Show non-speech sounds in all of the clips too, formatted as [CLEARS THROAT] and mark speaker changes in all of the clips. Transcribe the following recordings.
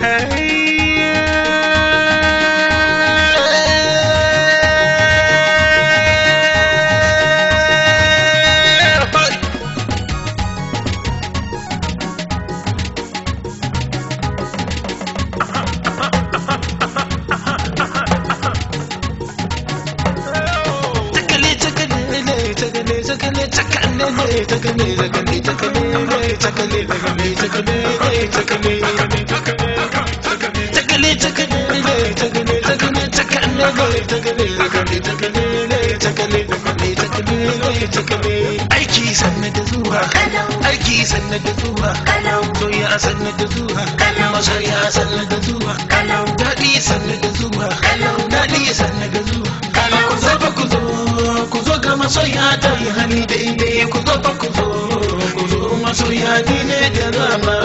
Speaker 1: hey. sannu da zuwa kalau masoya sannu da zuwa kalau daɗi sannu da zuwa kalau daɗi sannu da zuwa kalau ku zo ku zo ku zo ga masoya ta yi hali daidai ku zo ku zo ku zo masoya ni ne da rama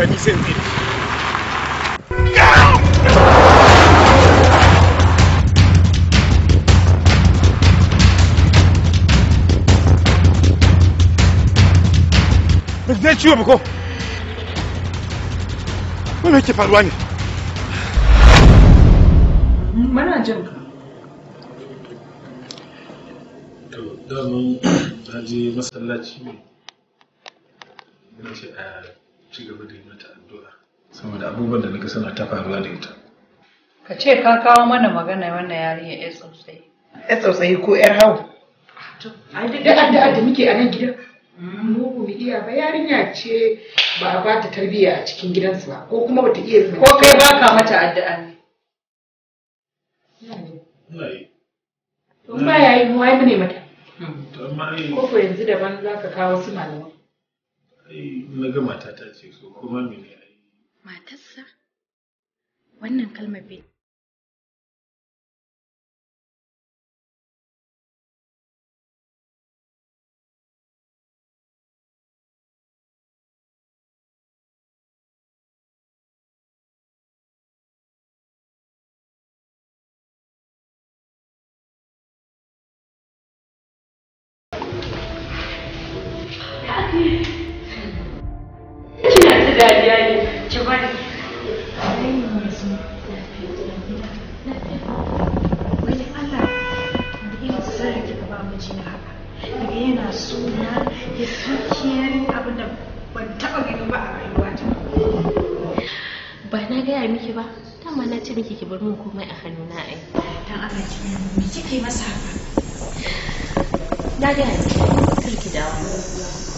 Speaker 2: shani sai tsire ko faruwa ne mana ka to daman ta je masallaci ne
Speaker 3: ci gaba da yi mata addu'a saboda abubuwan da naga suna ta faruwa da ita
Speaker 4: ka ce ka kawo mana magana wannan yarinya ya tsautsayi ya tsautsayi ko yar hau da ai da muke a nan gidan mu mu iya ba yarinya ce
Speaker 5: ba ba ta tarbiyya a cikin gidansu ba ko kuma bata iya ko kai baka mata addu'a ne
Speaker 2: to ya yi mu ai ne mata ko ko
Speaker 5: yanzu daban zaka kawo
Speaker 1: su
Speaker 6: Malamai. na ga matata ce so kuma mene ai matarsa wannan kalmar bai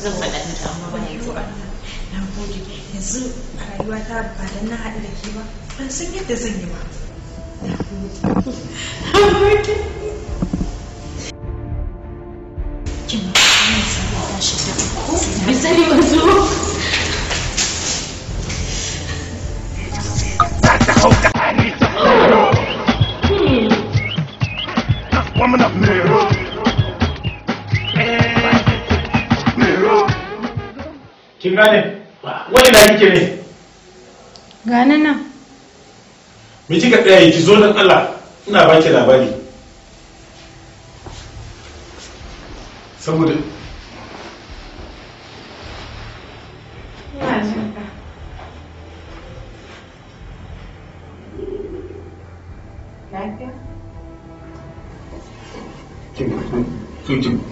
Speaker 7: zan faɗa amma ba
Speaker 4: na gode yanzu rayuwa ta ba dan na haɗu da ke ba ban san yadda zan yi ba
Speaker 1: ba
Speaker 2: gane wani na kike ne
Speaker 1: gane
Speaker 7: nan
Speaker 2: me kika tsaya ki zo nan Allah ina baki labari saboda Thank you.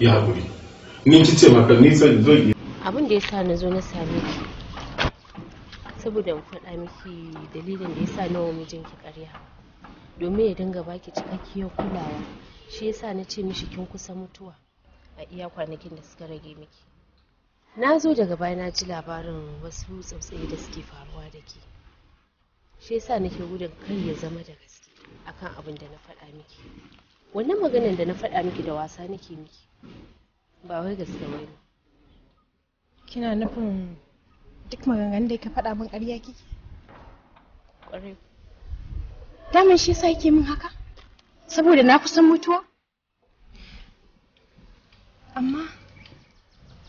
Speaker 2: ya ni ki ce maka zo yi
Speaker 7: abin da ya sa na zo na same ki saboda in faɗa miki dalilin da ya sa nawa mijinki ƙarya domin ya dinga baki cikakkiyar kulawa shi ya sa na ce mishi kin kusa mutuwa a iya kwanakin da suka rage miki na zo daga baya na ji labarin wasu tsautsayi da suke faruwa da ke shi ya na nake gudun kar ya zama da gaske akan abin da na faɗa miki wannan maganan da na faɗa miki da wasa nake miki ba wai gaske ba ne kina nufin
Speaker 4: duk maganganun da ka faɗa min ƙarya kike ƙwarai damin shi sa yake min haka saboda na kusan mutuwa amma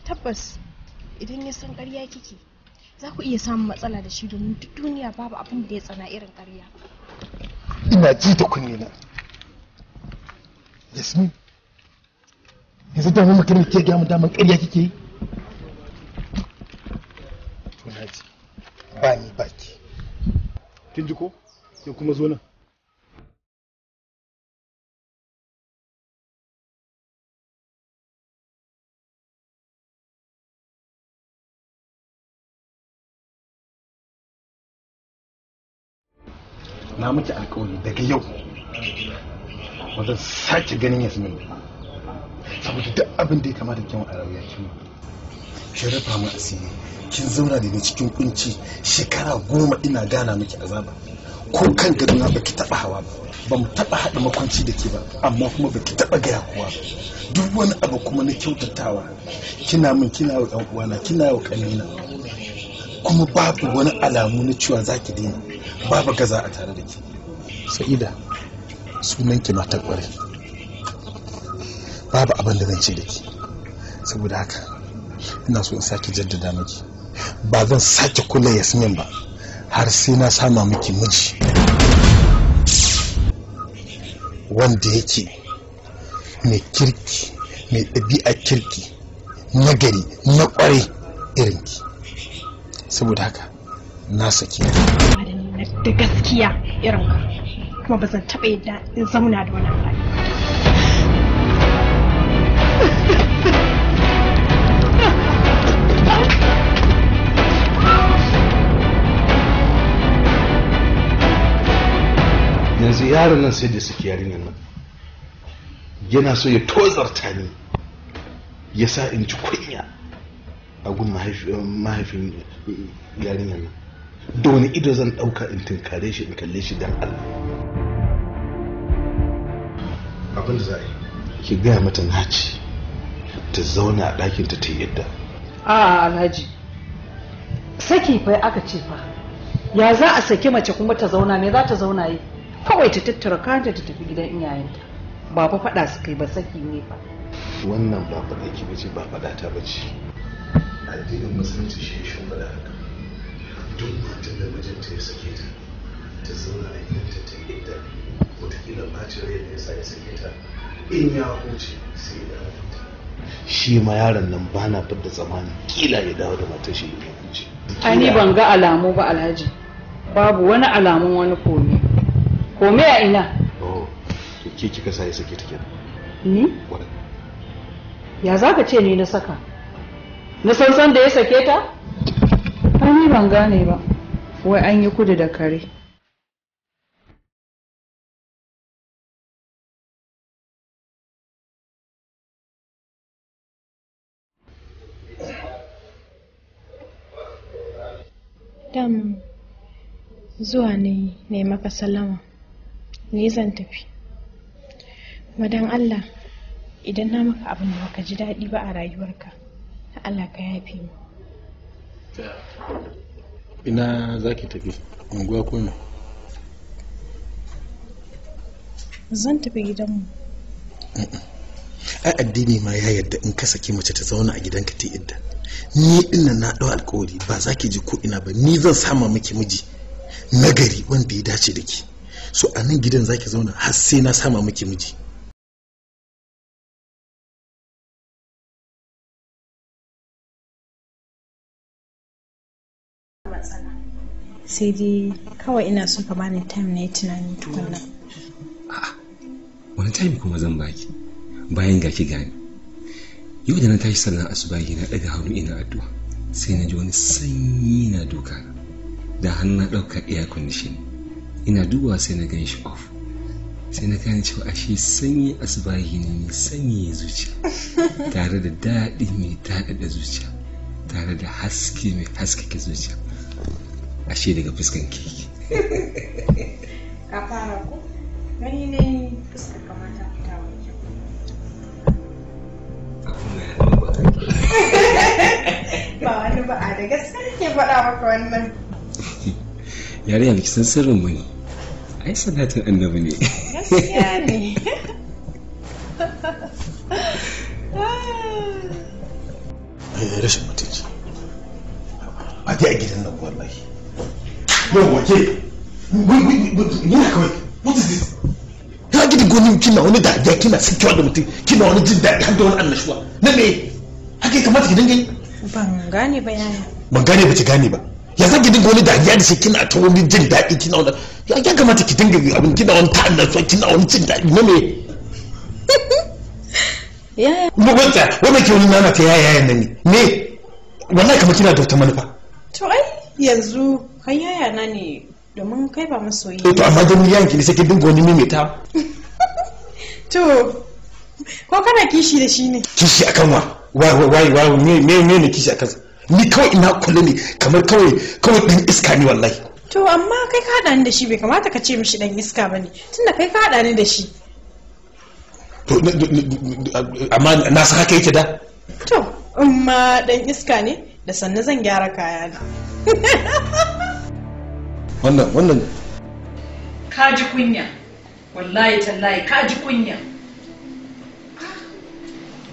Speaker 4: tabbas idan ya san ƙarya kike za ku iya samun matsala da shi domin duk duniya babu abin da ya tsana irin ƙarya
Speaker 3: ina ji da kunnena yasmin
Speaker 2: yanzu damar makarar ke gamu damar ƙarya kike yi
Speaker 6: tunaji ba ni ba baki kin ji ko ke kuma zo nan na miki alkawari daga yau wajen sake ganin yasmin ba
Speaker 3: saboda duk abin da ya kamata kyan a rayuwa kin kin rufa mu asiri kin zauna
Speaker 2: daga cikin kunci shekara goma ina gana miki azaba ko kan gadon ba ki taba hawa ba ba mu taba haɗa makwanci da ke ba amma kuma baki taba gaya kuwa ba duk wani abu kuma na kyautatawa kina min kina wa ɗan uwana kina wa ƙanina kuma babu wani alamu na cewa za ki daina babu gaza a tare da ki sa'ida sunan ki mata kwarai babu abin da zan ce da ki saboda haka ina so in sake jaddada miki ba zan sake kula yasmin ba har sai na sama miki miji wanda yake mai kirki mai ɗabi'a kirki nagari na kwarai irinki saboda haka na sake
Speaker 4: da gaskiya irin kuma ba zan taɓa yadda in zauna da wani ba.
Speaker 3: yanzu yaron nan sai da suke yarinyar nan yana so ya tozarta ni ya sa in ji kunya a gun mahaifin yarinyar nan da wani ido zan ɗauka in tunkare shi in kalle shi don Allah abin da za a yi ki gaya mata Naci ta zauna a ɗakin ta ta yadda
Speaker 4: a alhaji saki fa aka ce fa ya za a saki mace kuma ta zauna me za ta zauna yi kawai ta tattara kanta ta tafi gidan iyayenta ba fa faɗa su kai ba saki ne
Speaker 3: fa wannan ba faɗa ki ce ba faɗa ta bace addinin musulunci shi shi da haka duk matan da mijinta ya sake ta ta zauna a gidanta ta yadda wataƙila ɓacin rai da ya sa ya sake ta in ya huce sai ya dawo shi ma yaron nan ba na fidda tsammanin kila ya dawo da matar shi ya huce.
Speaker 4: ani ban ga alamu ba alhaji babu wani alamun wani kome kome a ina.
Speaker 3: oh to ke kika sa ya sake ta kenan.
Speaker 4: ni? ya za ka ce ni na saka na san san da ya sake ta?
Speaker 6: ani ban gane ba wai an yi kudu da kare.
Speaker 4: dam zuwa ne ne maka sallama ni zan tafi kuma allah idan na maka abin da baka ji daɗi ba a rayuwarka allah ka yafe mu
Speaker 2: ina za ki tafi unguwa ko me
Speaker 4: zan tafi gidanmu
Speaker 2: ai addini ma ya yarda in ka saki mace ta zauna a gidanka ta idda ni ina na ɗau alkawari ba za ki ji ko ina ba ni zan sama miki miji nagari wanda ya dace da ki so a
Speaker 6: nan gidan za ki zauna har sai na sama miki miji sai dai kawai ina son ka bani time na yi tunani
Speaker 4: tukunna.
Speaker 1: A'a,
Speaker 5: wani time kuma zan baki bayan gaki ki gani. yau da na tashi sallan asuba na daga hannu ina addu'a sai na ji wani sanyi na duka da hannu na ɗauka air condition ina dubawa sai na gan shi off sai na kani cewa ashe sanyi asubahi ne mai sanyi zuciya [LAUGHS] tare da daɗi mai daɗaɗa zuciya tare da haske mai haskake zuciya ashe daga fuskan keke
Speaker 1: ka fara
Speaker 4: ko wani ne kamata ba wani ba a da gaske ke faɗa maka wannan
Speaker 5: yare ya san sirrin mu ne ai salatin annabi ne gaskiya
Speaker 1: ne [LAUGHS]
Speaker 2: rashin mutunci a je a gidan nan wallahi yau waje yana kawai what is this gwanin kina wani dariya kina sakewa da mutum kina wani jin daɗi har da wani annashuwa na me haka kamata ki dinga yi
Speaker 4: ban gane ba yaya
Speaker 2: ban gane ba ki gane ba ya zan ki dinga wani dariya da shi kina ta wani jin daɗi kina wani ya kamata ki dinga abin kina wani ta annashuwa kina wani jin daɗi na me [LAUGHS] yaya wanda wanda ke wani nana ta yaya yayan nan ne me wallahi kamar kina da wata manufa
Speaker 4: to ai yanzu kan yaya na ne domin kai ba masoyi eh,
Speaker 2: to amma don yayan ki ne sai ki dinga wani mimita
Speaker 4: [LAUGHS] to ko kana kishi da shi ne
Speaker 2: kishi a wa wai wai me me ne kishi a kansa? ni kawai ina kulle ne kamar kawai kawai din iska ne wallahi
Speaker 4: to amma kai ka hada ni da shi bai kamata ka ce mishi dan iska bane tunda kai ka hada ni da shi
Speaker 2: to amma na
Speaker 5: san haka yake da
Speaker 4: to amma dan iska ne da sanna zan gyara kaya ne [LAUGHS] wannan wannan ka ji kunya wallahi tallahi ka ji kunya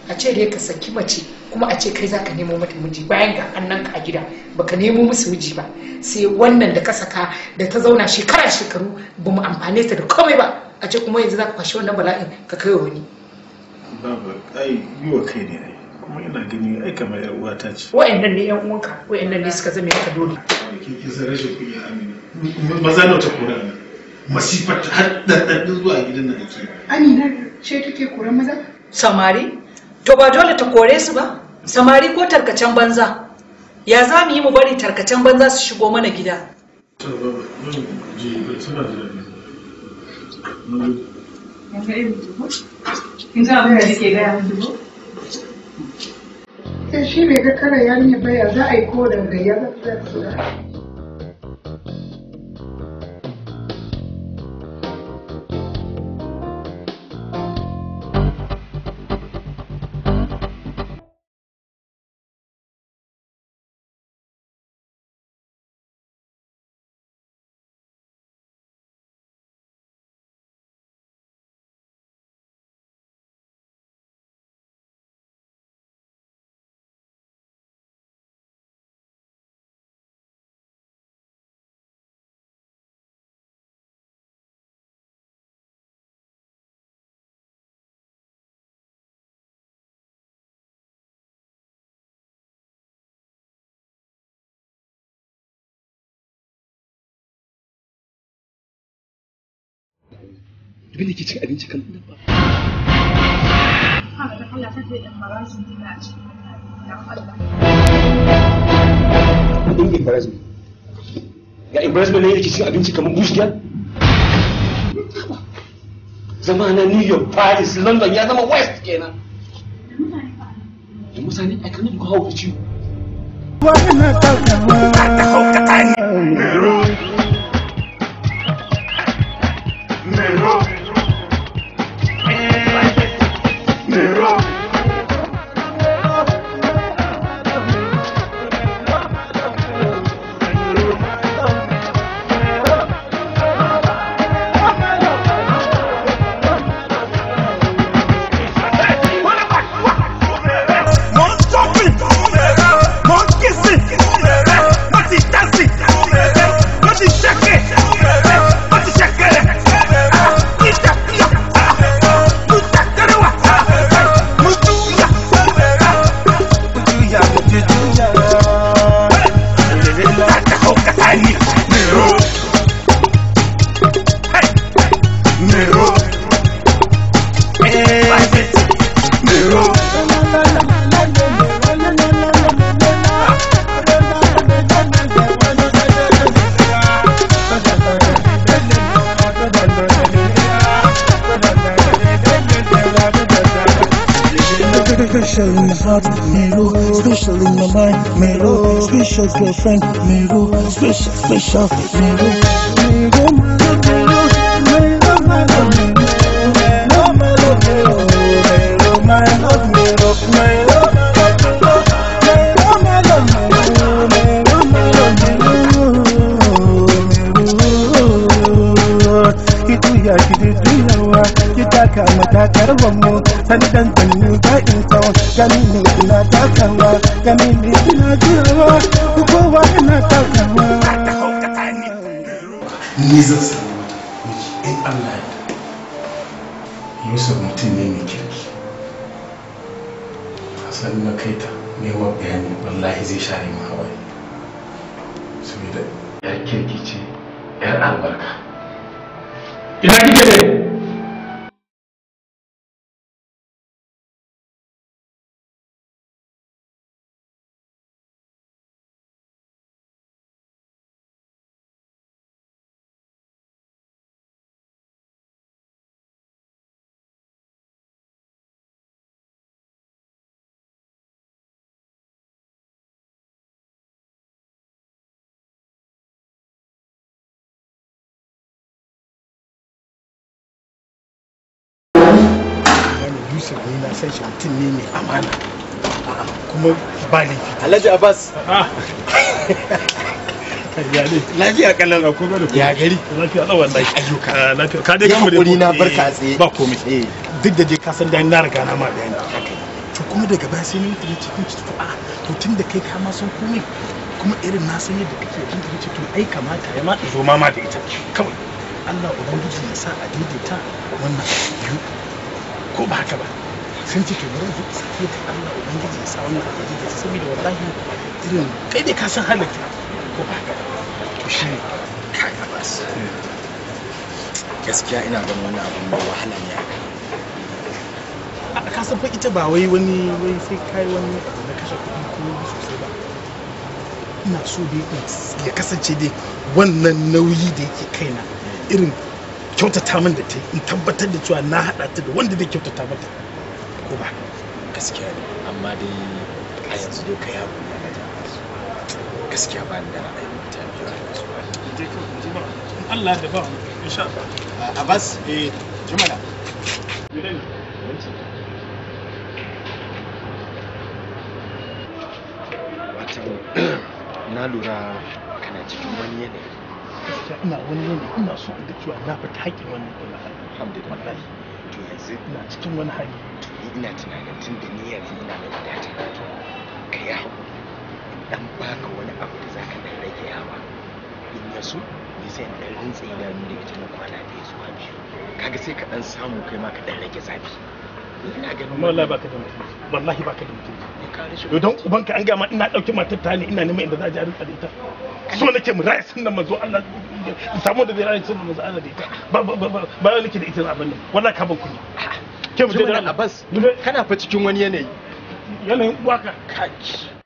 Speaker 5: a ce dai ka saki mace kuma a ce kai za ka nemo mata miji bayan ga annan ka a gida baka nemo musu miji ba sai wannan da ka saka da ta zauna shekara shekaru ba mu amfane ta da komai ba a ce kuma yanzu za ka fashe wannan bala'in ka kai wa wani
Speaker 2: Baba, ai yi wa kai ne ai kuma ina gani ai kamar yar uwa ta ce wayannan ne
Speaker 5: yan uwanka wayannan ne suka zama ka dole kin kin rashin kunya
Speaker 2: amina maza nawa ta kora ne masifar ta har
Speaker 5: ɗanɗanɗin zuwa gidan nan ake
Speaker 4: amina ce take koran maza
Speaker 5: samari
Speaker 4: to ba dole ta kore su ba samari ko tarkacen banza ya za mu yi mu bari tarkacen banza su shigo mana gida Sai eh, shi bai ga kara yarinya baya za a yi ko da gayya za
Speaker 1: ta
Speaker 6: abin da ke cin abinci kan nan ba.
Speaker 2: Kudin embarrassment. Ga embarrassment ne yake cin abinci kamar bushiya? Zama na New York, Paris, London ya zama West kenan.
Speaker 8: Da mutane a kanin kawo da ciwo.
Speaker 1: [LAUGHS] shuffle.
Speaker 2: mutum ne mai kirki hassan na kai ta nema bayani wallahi zai share mu hawaye
Speaker 6: saboda yar kirki ce yar albarka ina kike ne yusuf ne na san shi mutum ne mai
Speaker 5: amana kuma ba laifi alhaji abbas ah. lafiya kallon a kuma da kuma ya gari lafiya na wallahi ayyuka ah, lafiya ka dai kamar yau na eh, barka a
Speaker 2: tsaye ba komai eh. duk da dai ka san dai na riga na ma bayani to kuma daga baya sai ni mutum cikin ci to a to tun da kai ka ma san komai kuma irin na san yadda kake jin da ce to ai kamata ya ma zo ma ma da ita kawai Allah ubangiji ya sa a daidaita wannan ko ba haka ba sun ce to bari su sake
Speaker 5: ta Allah ubangiji ya sa wannan abin da da wallahi irin kai ne ka san halitta ko ba haka ba shi ne kai su gaskiya ina ganin wani abu mai wahala ne
Speaker 2: a ka san fa ita ba wai wani
Speaker 5: wai sai kai wani abu na kashe kuɗi ko wani sosai ba
Speaker 2: ina so dai ya kasance dai wannan nauyi da yake kaina irin kyautata min da ta in tabbatar da cewa na haɗa ta da wanda zai kyautata mata ko ba
Speaker 5: gaskiya ne amma dai a yanzu dai ka yaro ne na jama'a gaskiya ba ni da ra'ayin mata biyu a yanzu Allah da ba insha Allah Abbas
Speaker 3: eh Jumala Wato
Speaker 8: [CLEARS THROAT] na lura kana cikin wani yanayi
Speaker 2: gaskiya ina wani yana ina so in cewa na fita haƙƙin wannan ɗin alhamdulillah to yanzu ina cikin wani hali to ni ina tunanin tun da ni yanzu
Speaker 8: ina da wadata na to ka yi haƙuri dan baka wani abu da zaka dan rage yawa in ya so ni sai in dan rintsa idanu da ita na kwana ɗaya zuwa biyu
Speaker 2: kaga sai ka dan samu kai ma ka dan rage zafi ina ganin wallahi baka da mutunci wallahi baka da mutunci don ubanka an ga ma ina dauke matar ta ne ina neman inda za a ji a rinka da ita so nake mu raya sunnan manzo Allah samu da zai raya manzo Allah da ita ba ba ba ba
Speaker 3: nake da ita abin nan wallahi ka ban kuɗi ke mu je da Abbas kana fa cikin wani yanayi
Speaker 6: yanayin uwa ka kaki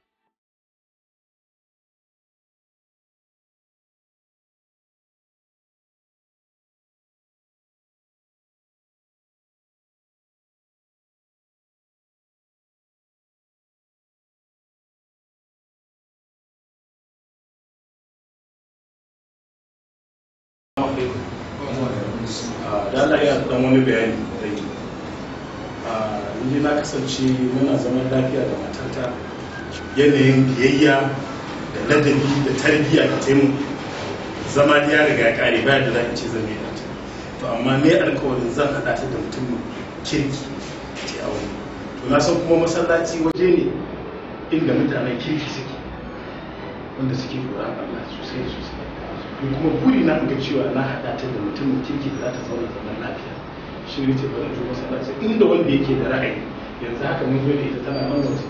Speaker 6: da Allah ya dan wani bayani da yi ni na kasance muna
Speaker 2: zaman lafiya da matata yanayin biyayya da ladabi da tarbiyya da taimu zama ya riga kare baya da za in ce zan yi ta to amma ne alkawarin zan haɗa ta da mutum kirki ce a wani to na san kuma masallaci waje ne inda mutanen kirki suke wanda suke kura Allah sosai sosai in kuma buri na ga cewa na hada ta da mutumin kirki da za ta zauna zaman lafiya shi ne ce bari zuwa masallaci inda wanda yake da ra'ayi yanzu haka mun zo da ita
Speaker 6: tana nan wasu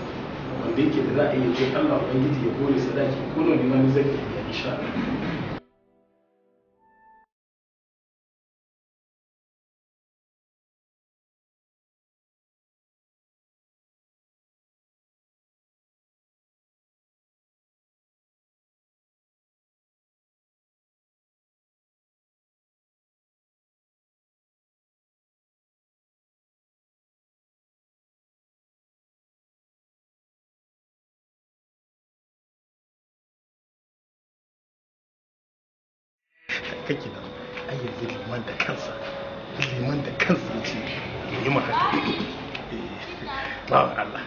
Speaker 6: wanda yake da ra'ayi ya ce Allah ubangiji ya gore sadaki ko ne ma ni zai iya a isha. kake da ai yanzu liman da kansa liman da kansa ya ce ya yi maka eh, bawan Allah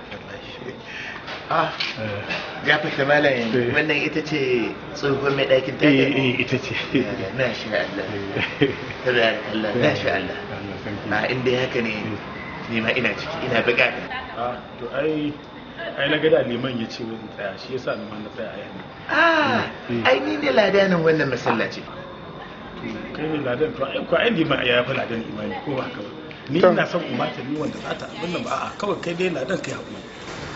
Speaker 3: ya fi fita malam eh. wannan ita ce tsohon mai ɗakin ta eh,
Speaker 2: eh ita ce na shi Allah na shi Allah na ah, inda haka ne nema ma ina ciki ina bukata ah, to ai ai na gada liman ya ce wani tsaya shi yasa liman na tsaya a yanzu
Speaker 1: ah
Speaker 2: ai ni ne ladanin wannan masallaci kai ne ladan to ai ko ai ya fa ladan imani ko ba haka ba ni ina son umata ni wanda za ta abin nan ba a'a kawai kai dai ladan kai hakuri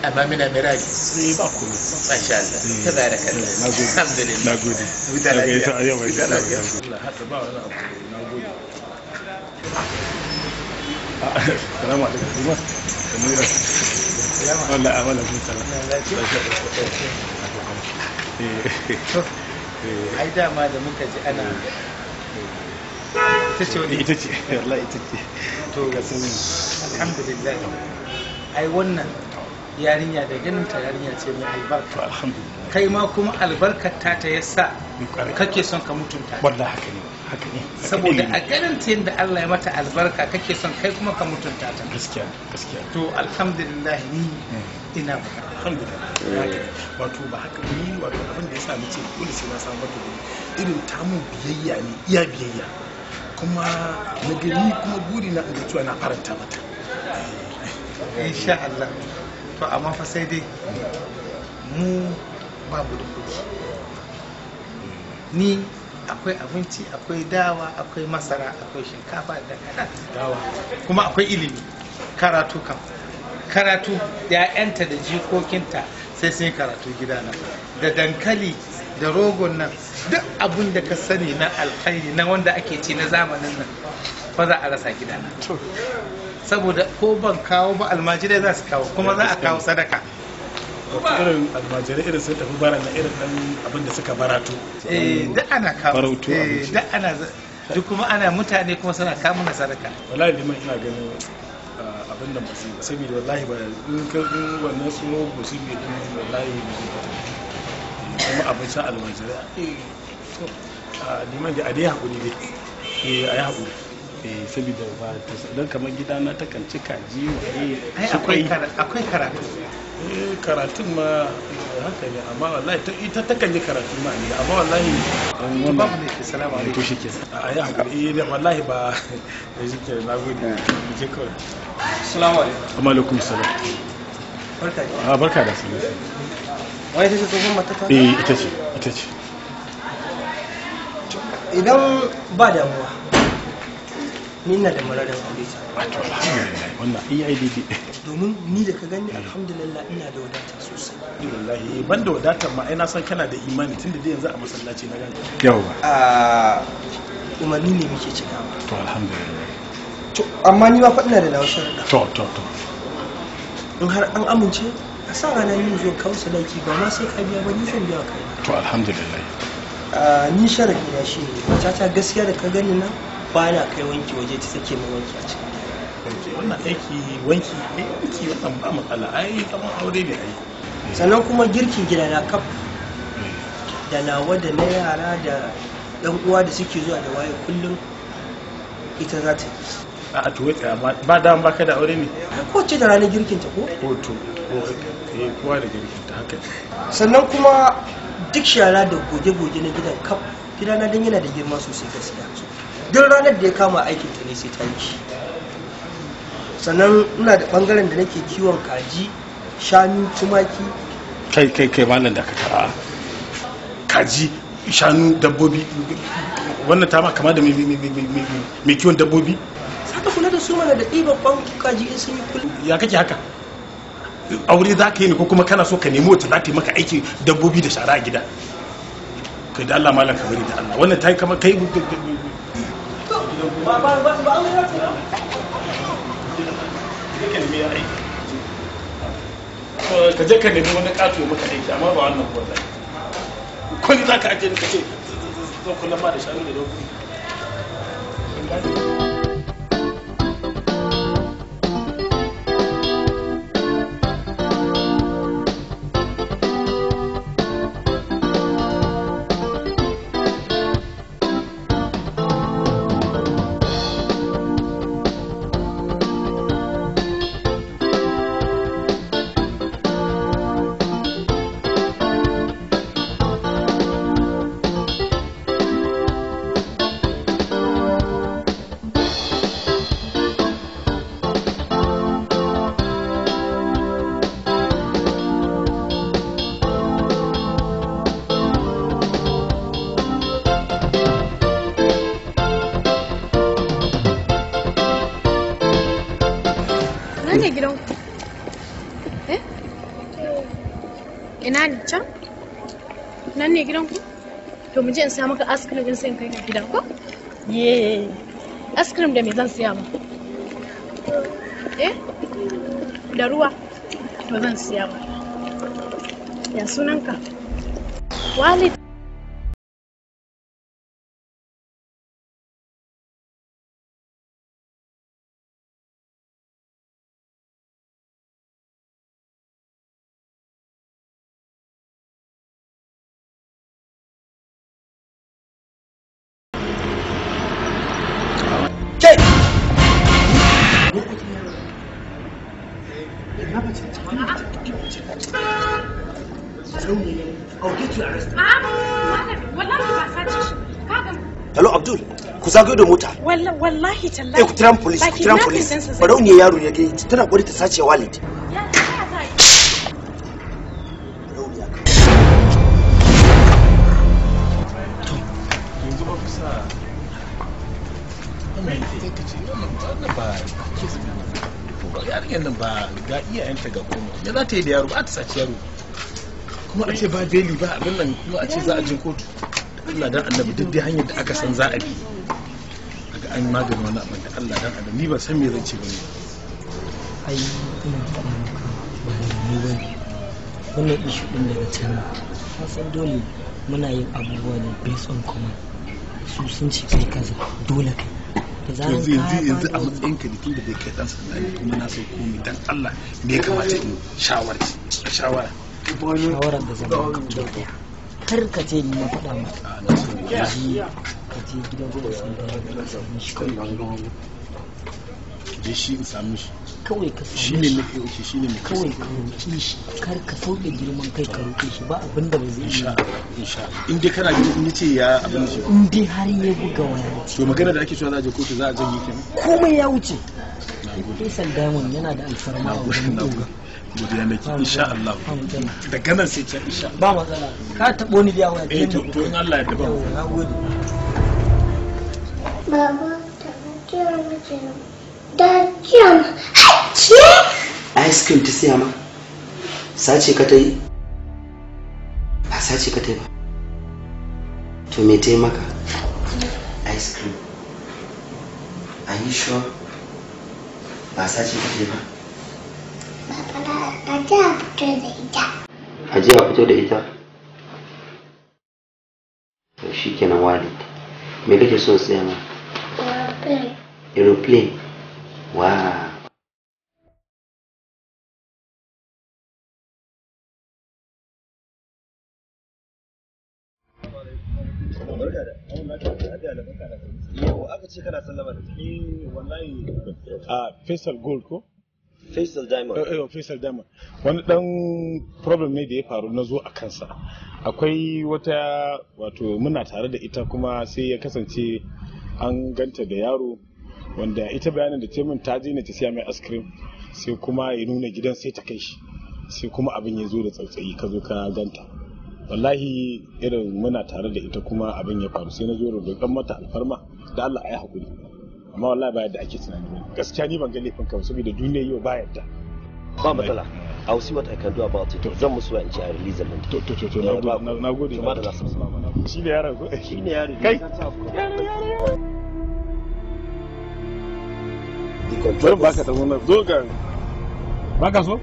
Speaker 5: amma mina mirage sai eh, ba komai masha Allah eh, tabarakallah eh, nagode alhamdulillah nagode wuta lafiya wuta lafiya Allah hada ba wani
Speaker 2: abu nagode salamu alaikum kuma kamira wallahi amala kun salam
Speaker 5: ai dama da muka ji ana ita ce wani ita ce wallahi ita ce to alhamdulillah ai wannan yarinya da ganin ta yarinya ce mai albarka alhamdulillah kai ma kuma albarkar ta ta yasa kake son ka mutunta wallahi haka ne haka ne saboda a ganin ta yadda Allah ya mata albarka kake son kai kuma ka mutunta ta gaskiya gaskiya to alhamdulillah ni
Speaker 1: hmm.
Speaker 5: ina ba alhamdulillah eh. wato ba haka ni wato abin da ya sa mu ce dole sai
Speaker 2: na samu irin tamu biyayya ne iya biyayya kuma na
Speaker 5: gani kuma buri na ga cewa na faranta mata insha Allah to amma fa sai dai mu babu da kuɗi ni akwai abinci akwai dawa akwai masara akwai shinkafa da kada dawa kuma akwai ilimi karatu kam karatu 'ya'yanta da jikokinta sai sun yi karatu gidana da dankali da rogon nan duk abin da ka sani na alkhairi na wanda ake ci na zamanin nan ba za a rasa gida na saboda ko ban kawo ba almajirai za su kawo kuma za a kawo sadaka irin almajirai irin sun tafi bara na irin dan abin da suka barato eh ana kawo eh ana duk kuma ana mutane kuma suna kamun na sadaka wallahi liman ina ganin ah, abin da ba saboda wallahi ba in
Speaker 2: wannan su su musibi din wallahi kuma abincin almanzira liman da a dai ne. dai eh, a yi haƙuri eh, saboda ba ta don kamar gida na ta kan cika ji waye akwai karatu eh, karatun ma haka ne amma wallahi ita ta kan karatu ma ne amma wallahi babu ne ke salamu alaikum shi a yi haƙuri da wallahi ba da [LAUGHS] shi na gode je kawai salamu alaikum alaikum ah, barka da
Speaker 5: wai ita ce tsohon matata eh
Speaker 2: ita ce ita ce
Speaker 5: idan ba damuwa
Speaker 2: ni na da muradin aure ta wato alhamdulillah wannan AIDD domin ni da ka gani alhamdulillah ina da wadata sosai wallahi eh, ban da wadata ma ai na san kana da imani tunda dai yanzu a masallaci na gani yawa a ah, umarni ne muke cikawa to alhamdulillah
Speaker 9: to amma ni ma fa ina da lawashar to to to in har an amince a sa ranar yin zo kausa laifi ba ma sai ka biya ba ni zan biya ka to alhamdulillah ni sharafi na shi ne ta gaskiya da ka gani na ba na kai wanki waje ta take mai wanki a cikin wannan aiki wanki ne wanki wannan ba matsala ai kamar aure ne ai sannan kuma girkin gida na kaf mm. da nawa da na yara da yan uwa da suke zuwa da waye kullum ita za ta
Speaker 2: yi a to ba dama ba ka da aure ne ko ce da ranar girkin ta ko ko to
Speaker 9: eh kowa da girkin ta haka sannan kuma duk shara da goge-goge na gidan kaf gidana dan yana da girma sosai gaskiya duk ranar da ya kama aikin ta ne sai ta yi sannan ina da bangaren da nake kiwon kaji shanu tumaki
Speaker 2: kai kai kai malam da ka kaji shanu dabbobi wannan ta ma kama da mai kiwon dabbobi
Speaker 9: za ta kula da su mana da ɗiban kaji in sun yi kullum
Speaker 2: ya kake haka aure za ka yi ko kuma kana so ka nemi wata za ta yi maka aiki dabbobi da shara a gida kai da Allah malam ka bari da Allah wannan ta yi kama kai ka je ka nemi wani kato maka aiki amma ba wannan kuwa zai kwani za ka ajiye ka ce zan kula ma da shanu da
Speaker 1: dabbobi
Speaker 4: mu je in sa maka ice cream din sai kai ka gida ko ye ice cream da me zan siya ma eh da ruwa to zan
Speaker 6: siya ba ya sunanka walid
Speaker 9: I'll get you arrested.
Speaker 10: A'a, ah, wallahi ba sace shi. Kaga
Speaker 9: Hello Abdul, ku zagayo da mota.
Speaker 10: Wallahi tallahi. Eh ku tiran police, ku tiran police. Barau ne
Speaker 9: yaro ne kai tana gwada ta sace wallet.
Speaker 2: nan ba ga yanta ga komai ya za ta yi da yaro ba ta sace yaro kuma a ce ba beli ba abin nan kuma a ce za a je kotu Allah dan annabi duk dai hanyar da aka san za a bi ga an magani wani abin da Allah dan annabi ni ba san me zan ce ba ne
Speaker 9: ai ina fadin ka ba ni ba ne wannan ishu din daga can ka san dole muna yin abubuwa ne based on common su sun ce kai kaza dole kai yanzu yanzu yanzu a
Speaker 2: matsayin ka tun da bai kai dan sanda kuma na so komi dan Allah me ya kamata in shawarci shawara shawarar da zama ka daya kar ka ce ni na faɗa ka je ka je gidan gobe da sami shi kawai je shi in shi kawai ka shi ne kai shi ne mai kawai ka roƙi shi kar ka sauke girman kai ka roƙi shi ba abin da ba zai yi insha in dai kana in ya abin shi in dai har ya buga waya to magana da ake cewa za a je kotu za a kenan komai ya wuce Fesan Diamond yana da alfarma a wurin doga. godiya nake insha Allah da ganan sai can insha ba matsala ka tabo ni biya waya eh to in Allah
Speaker 9: ya daba na gode baba ice cream ta siya ma sace ka ta yi ba sace ka ta yi ba to me ta yi maka ice cream are you sure ba sace ka ta yi ba
Speaker 1: a fito da
Speaker 9: ita da ita
Speaker 6: to shi kenan walid kake so sai ma aeroplane wow yau aka ce kana
Speaker 2: a gold ko Faisal Diamond. Eh, eh, Faisal Diamond. Wani dan problem ne da ya faru na zo a kansa. Akwai wata wato muna tare da ita kuma sai ya kasance an ganta da yaro wanda ita bayanin da ce min ta je ne ta siya mai ice cream sai kuma ya nuna gidan sai ta kai shi sai kuma abin ya zo da tsautsayi ka zo ka ganta wallahi irin muna tare da ita kuma abin ya faru sai na zo da mata alfarma da Allah ya haƙuri amma wallahi ba yadda ake tunani ba gaskiya ni ban ga laifin kan saboda duniya yau ba yadda ba matsala I will see what I can do about it. Zan musu in a release din. To to to to na gode na gode. Kuma da nasu salama na. Shine yaron ko? Shine yaro. Kai. Bari baka ta gona zo ga baka so?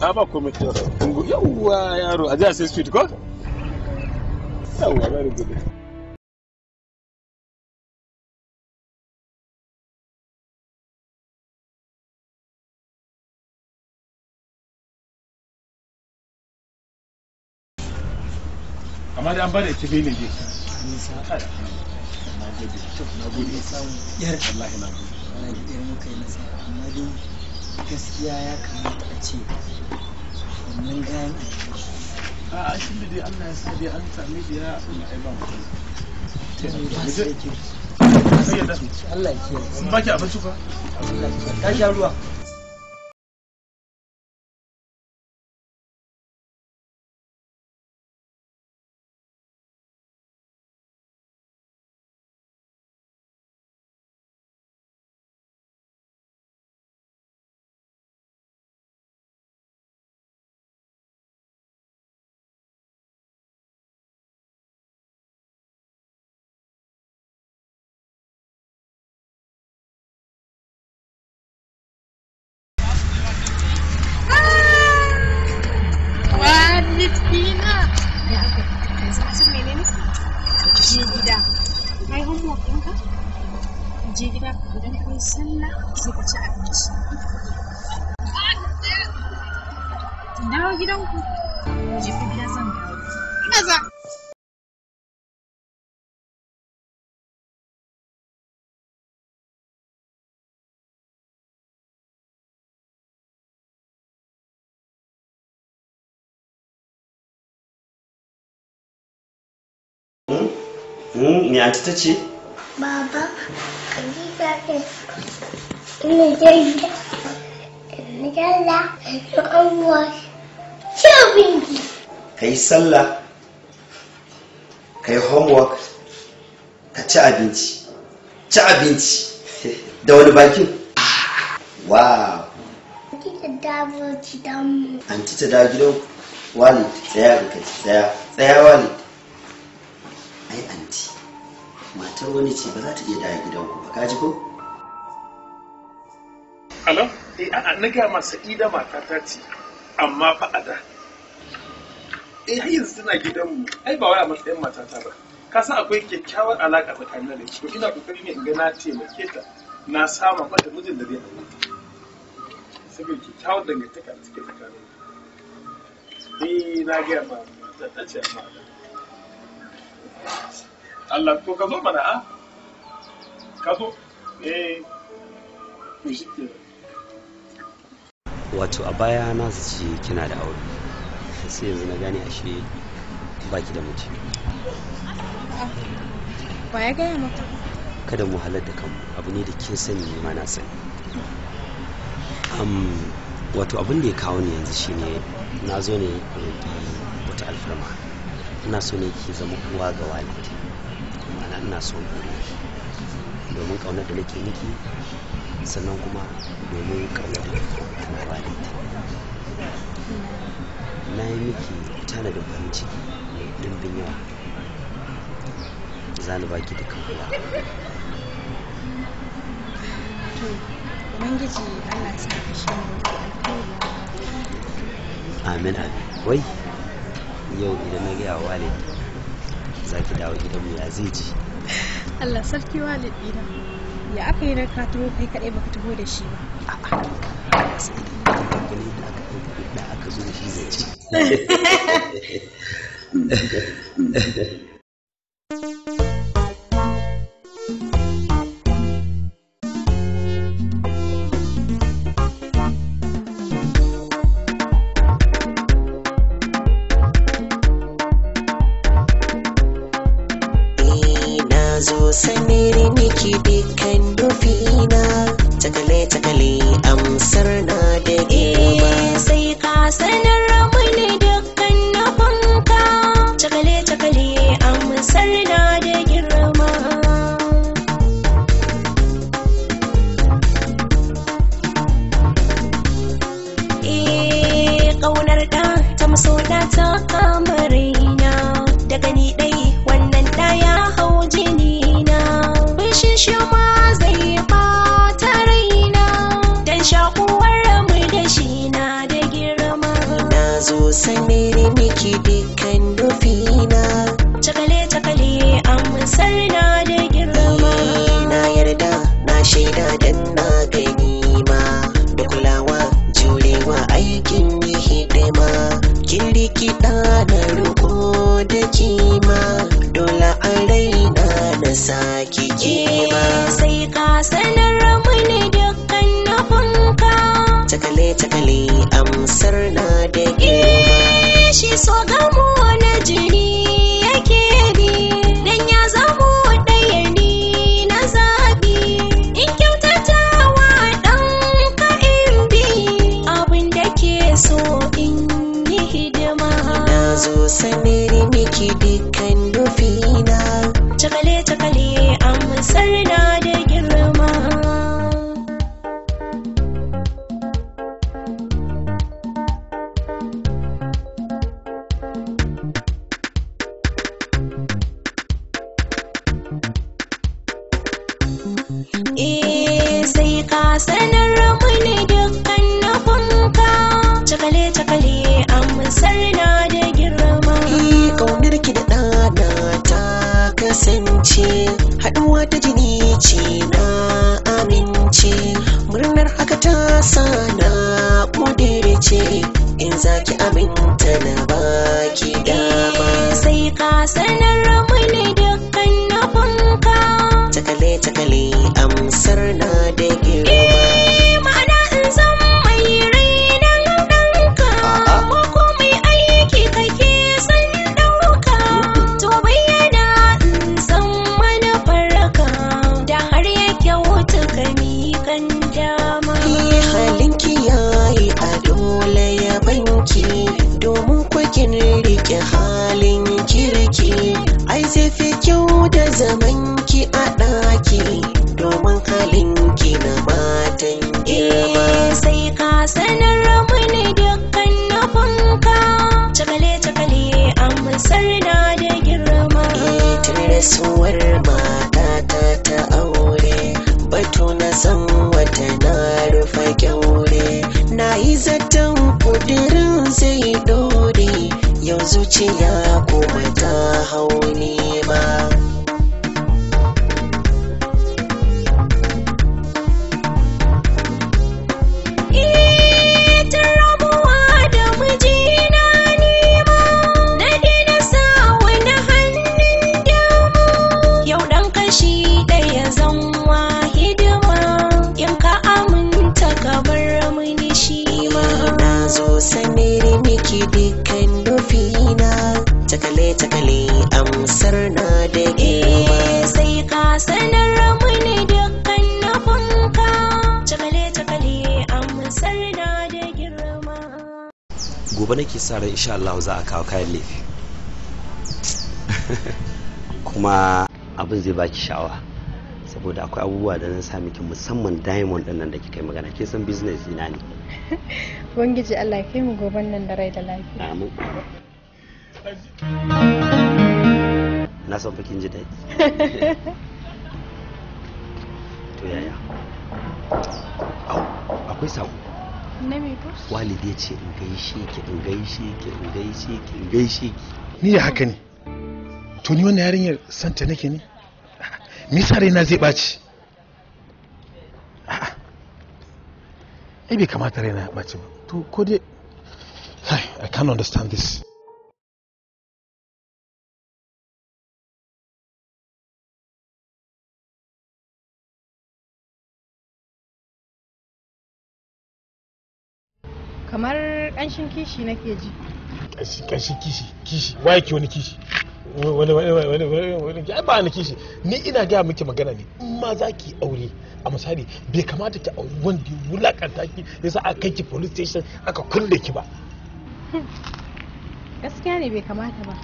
Speaker 2: A ba
Speaker 6: komai ta. Yawwa yaro a ji a sai sweet ko? Yawwa very good. amma da an bada ita bai ne je na gode na
Speaker 5: nasara amma gaskiya ya kamata a ce wannan gayan a a shi da dai Allah ya sa dai an same shi ya Allah ai ba
Speaker 6: mu Allah ya kiyaye. Mun baki abinci fa? Allah ya kiyaye. Ka ruwa. Hmm, me anti ta ce baba kadija
Speaker 1: ne ina jirgin na jalla na abuwa abinci!
Speaker 9: ka yi sallah ka yi homework ka ci abinci ci abinci [LAUGHS] da wani bakin wow anti ta dawo gidan walid tsaya ga tsaya tsaya walid matar wani ce ba za ta iya daya ku ba kaji ko
Speaker 2: alam eh a'a na ga ma sa'ida mata ta ce amma fa a da eh har yanzu tana mu. ai ba wai a matsayin matata ba ka san akwai kyakkyawar alaka tsakanin da ke ina kokari ne in ga na taimake ta na sama mata mijin da zai aure saboda kyakkyawar dangantaka da suke tsakanin eh na ga ma ta ce amma Allah ko ka zo mana a ah. ka zo
Speaker 1: eh shi ke
Speaker 9: wato a baya na ce kina da aure sai yanzu na gane ashe baki da mace
Speaker 4: ba ya gaya maka
Speaker 9: kada mu halar da kanmu abu ne da kin sani ne ma na sani wato abin da ya kawo ni yanzu shine na zo ne wata alfarma ina so ne ki zama uwa ga walidi ina son buri domin ƙaunar da nake miki sannan kuma domin kaunar da tana bani na yi miki tanadin farin ciki mai dimbin yawa za ni baki da kankula amin amin wai yau idan na gaya wa walid za ki dawo gidanmu ya zai ji
Speaker 4: Allah sarki walid ɗina ya aka yi na ka taho kai kaɗai baka taho da shi ba
Speaker 9: da aka zo da
Speaker 1: shi zai [LAUGHS]
Speaker 10: zuciya kuma ta hauni ma
Speaker 9: gobe nake sa ran insha Allah za a kawo kayan lefi [LAUGHS] kuma abin zai baki sha'awa saboda akwai abubuwa da na sa miki musamman diamond din nan da kika yi magana ke san business ina ne
Speaker 4: [LAUGHS] ubangiji Allah ya kai mu goben nan da rai da lafiya amin
Speaker 9: na san fakin ji daɗi [LAUGHS] to yaya akwai sako walid ya ce in gaishe ki in
Speaker 2: gaishe ki in gaishe ki in gaishe ki ni da haka ne to ni wannan yarinyar santa nake ne [LAUGHS] me yasa raina zai ɓaci
Speaker 6: ai bai kamata raina ya ɓaci ba to ko dai i can't understand this kamar ƙanshin kishi nake ji ƙanshi kishi kishi waye ki wani kishi wani wani wani
Speaker 2: wani ai ba wani kishi ni ina gaya miki magana ne in ma za ki aure a misali bai kamata ki aure wanda ya wulakanta ki yasa a kai ki police station aka kulle ki ba
Speaker 4: gaskiya ne bai kamata ba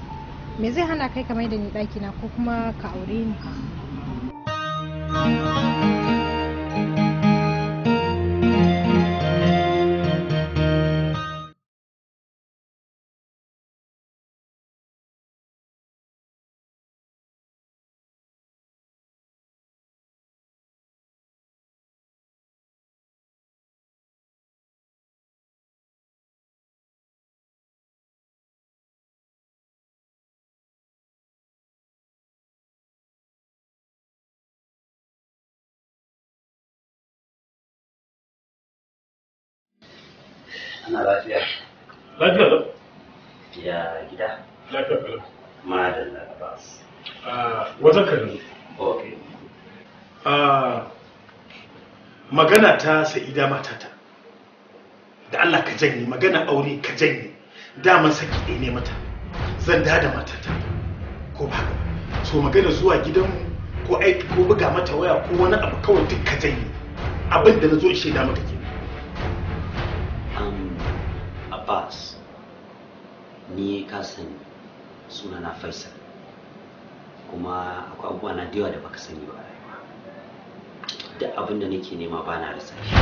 Speaker 4: me zai hana kai kamar da ni ɗaki na ko kuma ka aure ni
Speaker 6: ana lafiya lafiya lau ya gida lafiya madan abbas
Speaker 2: ah, wata kan ok ah, magana ta sa'ida matata da Allah ka janye magana aure ka janye daman saki ne mata zan da matata ko ba so magana zuwa gidanmu ko aiki ko buga mata waya ko wani abu kawai duk ka janye abin
Speaker 8: da na zo ishe shaida maka ke abbas
Speaker 9: ni ka sani suna na faisal kuma akwai abubuwa na da da baka sani ba rayuwa duk abin da nake nema ba na rasa shi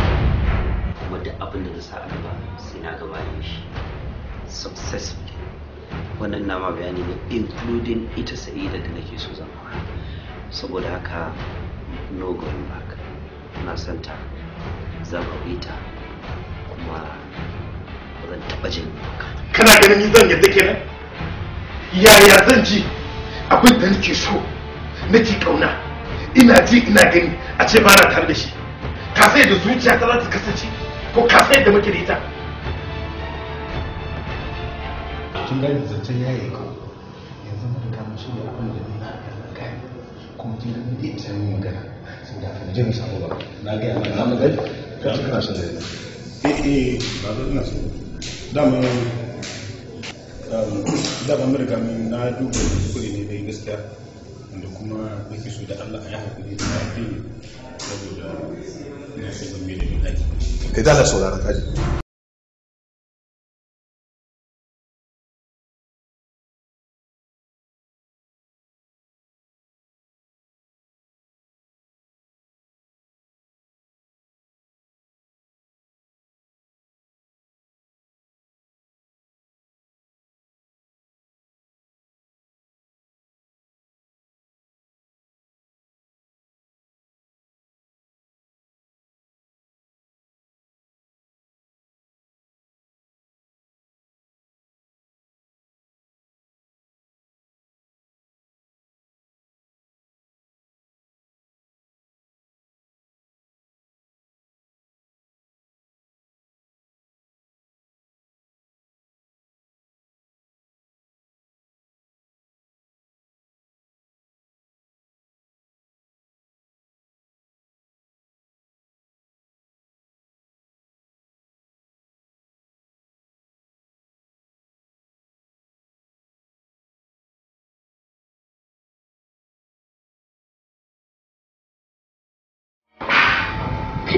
Speaker 9: kuma duk abin da na sa a sai na gaba da shi successful wannan na ma bayani ne including ita sa'ida da nake so zama saboda haka no going back na santa
Speaker 8: za ku ita kuma zan jin
Speaker 2: kana ganin ni zan yadda kenan yaya zan ji abin da nake so nake kauna ina ji ina gani a ce ba na tare da shi ka sai da zuciya ta za ta kasance ko ka sai da muke da ita
Speaker 3: kin gani zancen yayi ko yanzu mun ga mun shi ne abin da ni na gani kuma kin gani da ita ne magana sun da kan jin sabo ba na ga yana na magana ka kana son da ni eh eh ba zan na so damar
Speaker 2: um, daman na min na duba ne dai gaskiya
Speaker 6: da kuma ake so da Allah ya haƙuri da addini saboda ina so zan mai da min kaji.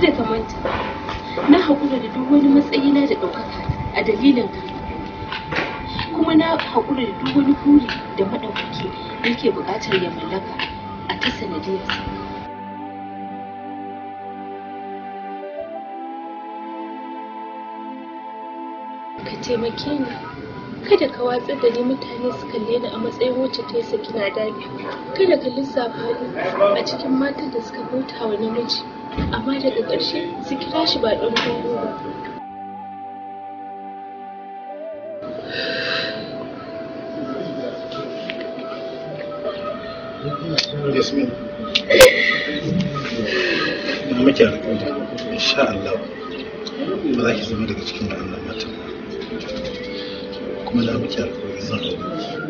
Speaker 6: kada ka manta na haƙura da duk wani matsayina da ɗaukaka a dalilin ka
Speaker 7: kuma na haƙura da duk wani buri da maɗaukaki yake buƙatar ya mallaka a ta sanadiyarsa ka taimake ni kada ka watsar da ni mutane su kalle ni a matsayin wacce ta yi na dami kada ka lissafa ni a cikin matan da suka bauta wa namiji amma daga ƙarshe su kira shi ba ɗan kowa ba
Speaker 1: Yasmin, na maki alƙawari,
Speaker 3: insha Allah, ba za ki zama daga cikin wannan matan. Kuma na maki alƙawari zan rubuta.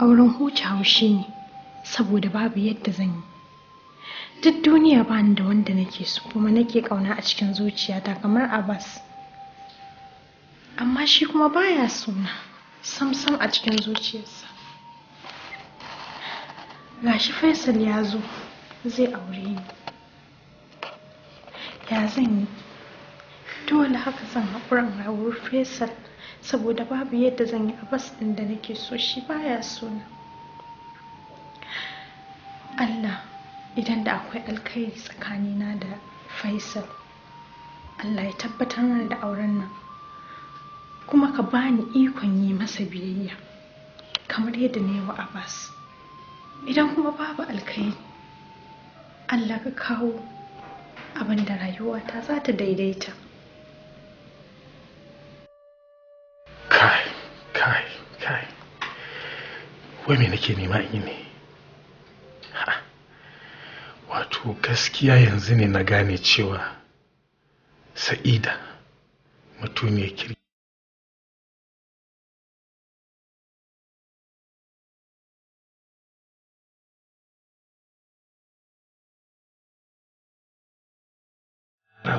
Speaker 4: auren huce haushe ne saboda babu yadda zan yi duk duniya ba da wanda nake so kuma nake kauna a cikin zuciyata kamar abbas amma shi kuma baya suna samsam a cikin zuciyarsa gashi faisal ya zo zai aure ni ya zan yi dole haka zan haƙuran rawar faisal saboda babu yadda zan yi a bas ɗin da nake so shi baya so Allah idan da akwai alkhairi tsakanina da Faisal Allah ya tabbatar mana da auren nan kuma ka bani ikon yi masa biyayya kamar yadda na yi wa Abbas idan kuma babu alkhairi Allah ka kawo abin da rayuwata za ta daidaita
Speaker 2: kai kai wai me nake nema in yi ne
Speaker 6: wato gaskiya yanzu ne na gane cewa sa'ida mutumiyar kirki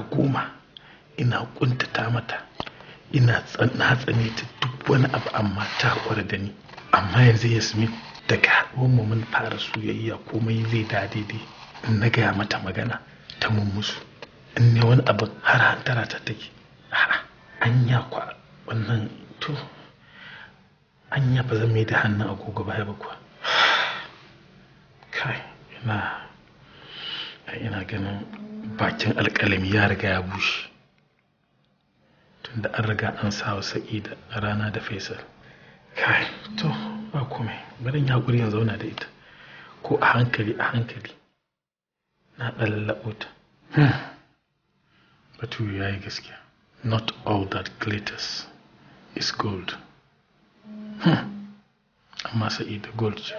Speaker 6: goma ina kuntata mata ina na tsane ta duk wani abu amma
Speaker 2: ta kwara da ni amma yanzu ya daga haɗuwar mu mun fara soyayya komai zai da daidai in na gaya mata magana ta mun musu in ne wani abu har hantara ta take a'a an ya kwa wannan to an ya ba zan mai da hannun agogo baya ba kuwa kai ina ina ganin bakin alƙalami ya riga ya bushe da an riga an sa wa sa'ida rana da faisal kai to ba komai bari ya hakuri yanzu zauna da ita ko a hankali a hankali na ɗan laɓota hmm. batu ya yi gaskiya not all that glitters is gold hmm. amma sa'ida gold ce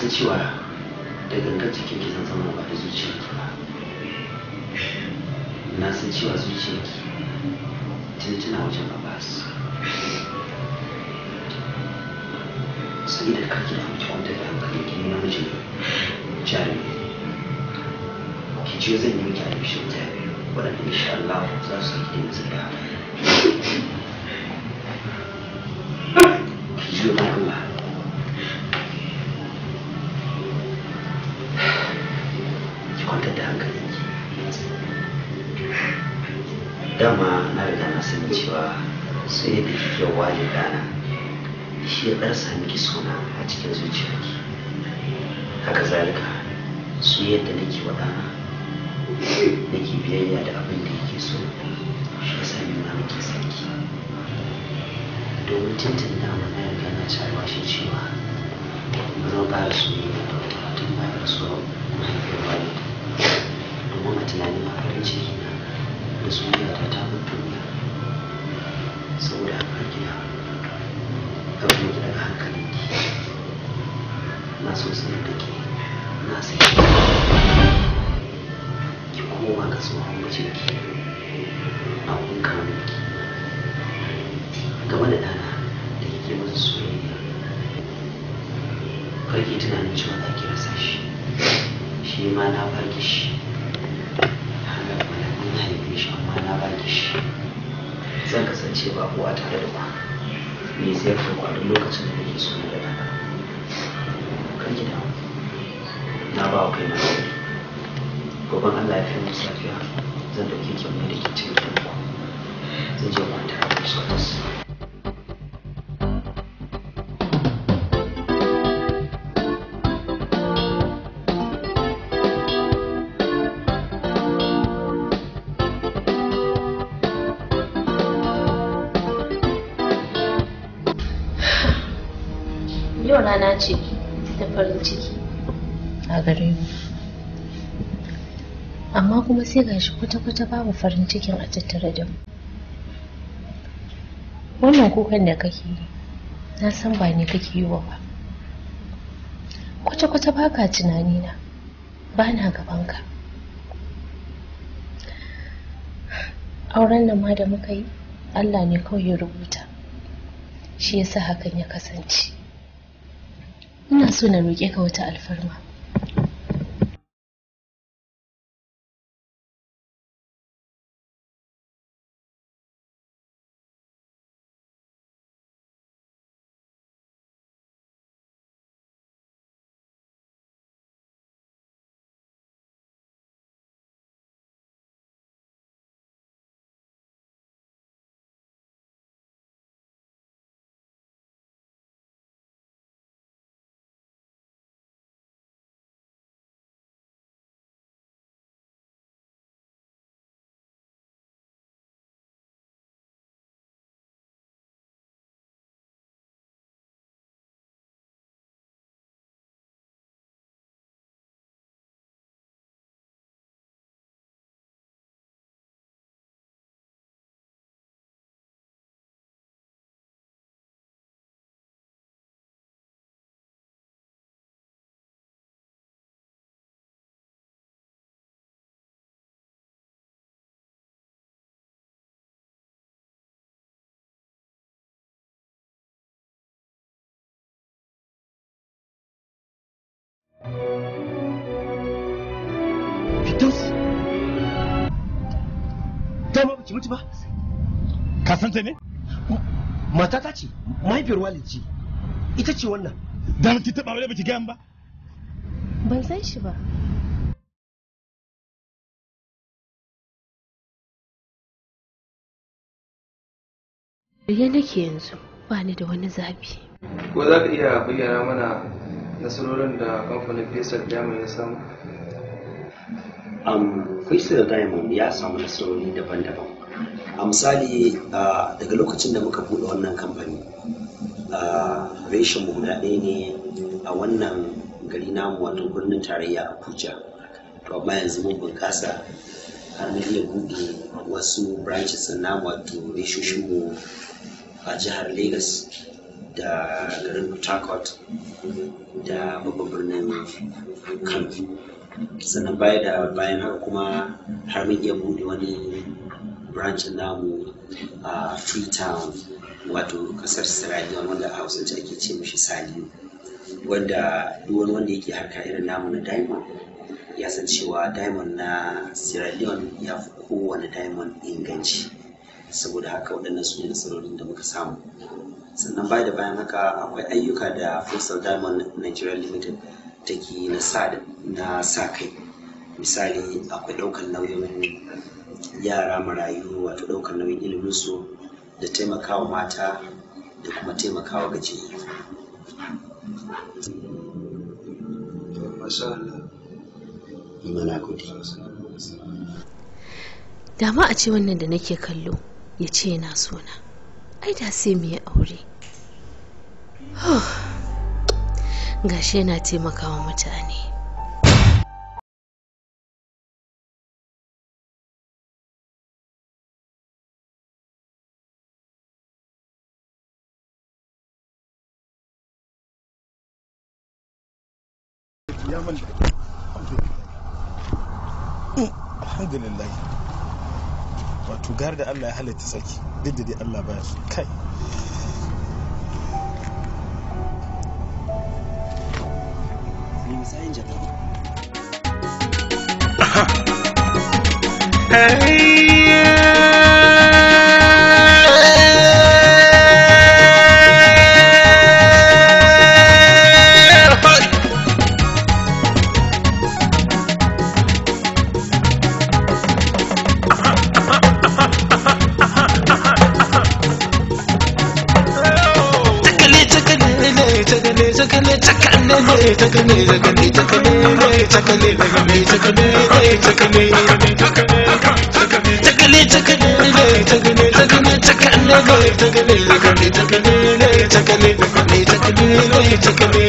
Speaker 8: san cewa da gangan cikin ki zan zama ba da zuciyarki ba na san cewa zuciyarki tun tana wajen su sai da kake da mutu wanda da hankali ki nuna miji jari ki ce zan yi miki a ta jari waɗanda insha Allah za su yi da mutu sai da kike wani dana shi ya darsa miki suna a cikin zuciyarki haka zalika su yadda nake wa dana nake biyayya da abin da yake so shi ya sami ma nake sarki domin tintin da mana ya gana cewa shi cewa zo ba su ne tun ba da su mahaifiyar wani domin a tunanin farin ciki na da soyayya ta ta mutu saboda a na ɗauke daga hankalinki na so ku lokacin da nake so da rana kan ki damu na ba wa kaina hakuri gobe Allah ya fi mu safiya zan dauke ki mai da ke cikin ku zan je kwanta da su
Speaker 7: farin ciki a gare mu amma kuma sai gashi kwata-kwata babu farin cikin a tattare da mu wannan kukan da kake yi na san ba ne kake yi wa ba kwata-kwata ba ka na, ba na gabanka auren nan ma da muka yi allah ne kawai ya rubuta shi yasa hakan ya
Speaker 6: kasance ina so na roƙe ka wata alfarma ki
Speaker 2: mutu ba ka san ta ne matata ce mahaifiyar walid ce
Speaker 6: ita ce wannan dan ki taba ba ki gayan ba ban san shi ba Riya nake yanzu ba ni da wani zabi. Ko za ka iya bayyana mana nasarorin da kamfanin fesar jami'ai ya samu?
Speaker 9: um, da diamond ya samu nasarori daban-daban a misali daga lokacin da muka buɗe wannan kamfani reshen mu guda ɗaya ne a wannan gari namu wato birnin tarayya a abuja to amma yanzu mun bunƙasa har mun iya buɗe wasu branches na wato reshoshin mu a jihar lagos da garin port da babban birnin kano sannan baya da bayan haka kuma har mun iya bude wani branch namu a freetown wato kasar sierra wanda a hausance ake ce mishi saliyu wanda duk wani wanda yake harka irin namu na diamond ya san cewa diamond na sierra leone ya fi kowane diamond inganci saboda haka waɗannan su ne nasarorin da muka samu sannan baya da bayan haka akwai ayyuka da fossil diamond nigeria limited take na sa kai misali akwai ɗaukar nauyin yara marayu wato ɗaukar nauyin iliminsu da taimakawa mata da kuma taimakawa gaje
Speaker 7: da a ce wannan da nake kallo ya ce yana sona ai da sai mu yi aure
Speaker 6: [SIGHS] gashi yana taimakawa mutane alhamdulillah wato gar
Speaker 2: da allah ya halitta saki duk da dai allah baya kai
Speaker 9: mai
Speaker 1: चकने लगने चकने चकने लगने चकने चकने चकने
Speaker 5: चकने चकने चकने चकने चकने लगने चकने चकने लगने चकने चकने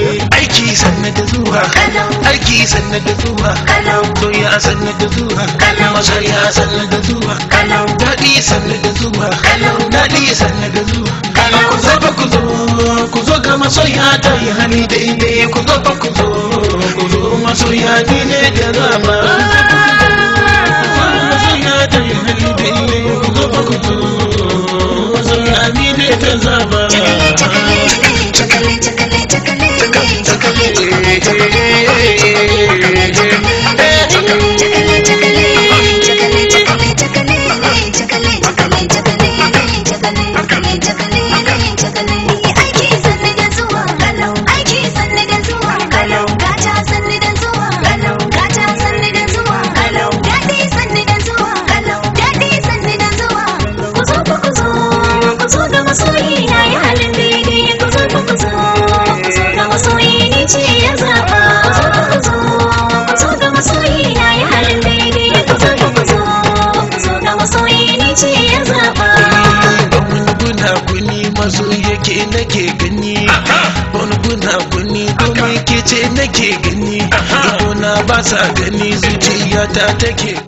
Speaker 5: sanna da zuwa aiki sanna da zuwa soya sanna da zuwa masoya sanna da zuwa daɗi sanna da zuwa daɗi sanna da zuwa ku zo ba ku zo ku zo ga masoya ta yi hali daidai ku zo ba ku zo ku zo masoya ni ne da rama ta yi hali daidai ku zo ba ku zo da zaba. Chakale, chakale, chakale, chakale. taka taka
Speaker 1: ba sa gani zuciya ta take